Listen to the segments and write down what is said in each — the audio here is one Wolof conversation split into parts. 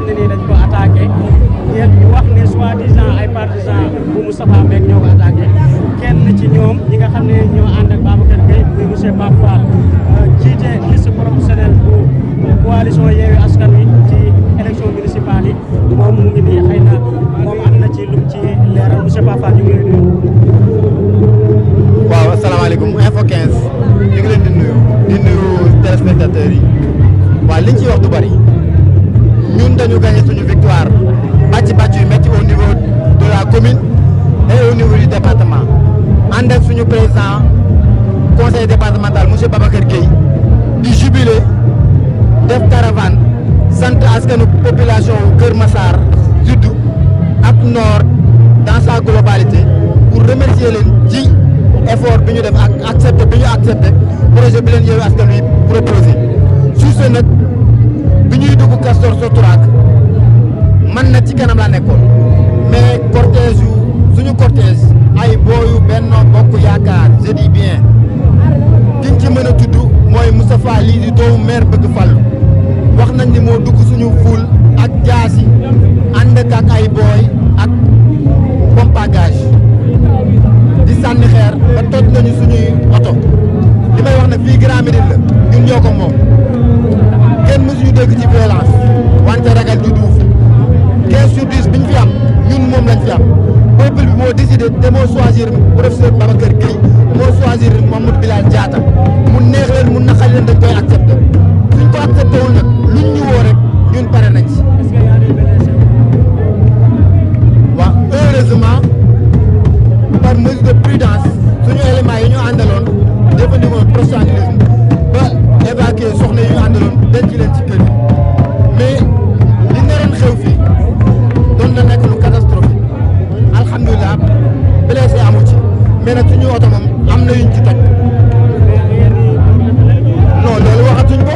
xam ne nii dañ ñeent wax ne soi-disant ay partisans bu Moustapha Mbeng ñoo ko attaqué kenn ci ñoom ñi nga xam ne ñoo ànd ak Babacar Gueye muy monsieur Pape Fall euh, jiite liste professionnelle bu coalition ci élection municipale yi moom mu ngi nii xëy na moom am na ci lu ci leeral monsieur Pape Fall ñu ngi lay nuyu. waaw asalaamaaleykum info 15 ñu ngi leen di nuyu di nuyu téléspectateurs yi waaye liñ ci wax du bari. nous gagner sur une victoire Bati battu, mais au niveau de la commune et au niveau du département En ak suñu président conseil départemental monsieur Babacar Gueye du jubilé def caravane sant askanu population Kër Massar Sud ak Nord dans sa globalité pour remercier les efforts effort que nous devons ak accepté bi ñu accepté projet bi nous lui proposer. sur ce note, man ci kanam laa nekkoon mais cortège suñu cortège ay booyu Benno Bokk Yaakaar je bien ci mën a tudd mooy Moustapha lii di doomu maire bëgg fàllu wax nañ ni moo dugg suñu ful ak jaasi ànd ak ay booy ak pompagage di sànni xeer ba toj nañu suñuy oto li may wax ne fii Grand Médine la ñun ñoo ko moom confiance peuple bi moo décidé te moo choisir professeur Babacar Gueye moo choisir Mamadou Bilal Diatta mu neex leen mu naqal leen dañ koy accepté suñ ko accepté wul nag luñ ñu woo rek ñun pare nañ ci. waaw heureusement par mesure de prudence suñu éléments yi ñu àndaloon jëfandikoo professionnalisme ba évacuer soxna yi ñu àndaloon denc leen ci kër yi mais. oto am na yuñ ci toj non loolu waxatuñ ko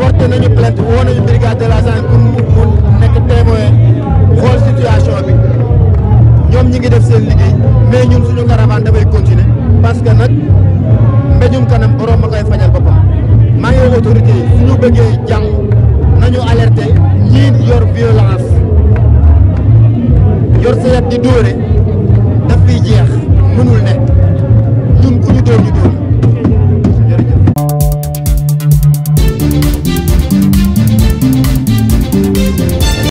porté nañu plainte woo nañu brigade de la gendarmerie pour mu nekk témoin xool situation bi ñoom ñi ngi def seen liggéey mais ñun suñu caravane dafay continuer parce que nag mbéjum kanam borom ma koy fajal boppam maa ngi autorité suñu bëggee jàng nañu alerter ñii yor violence yor sayet di dóore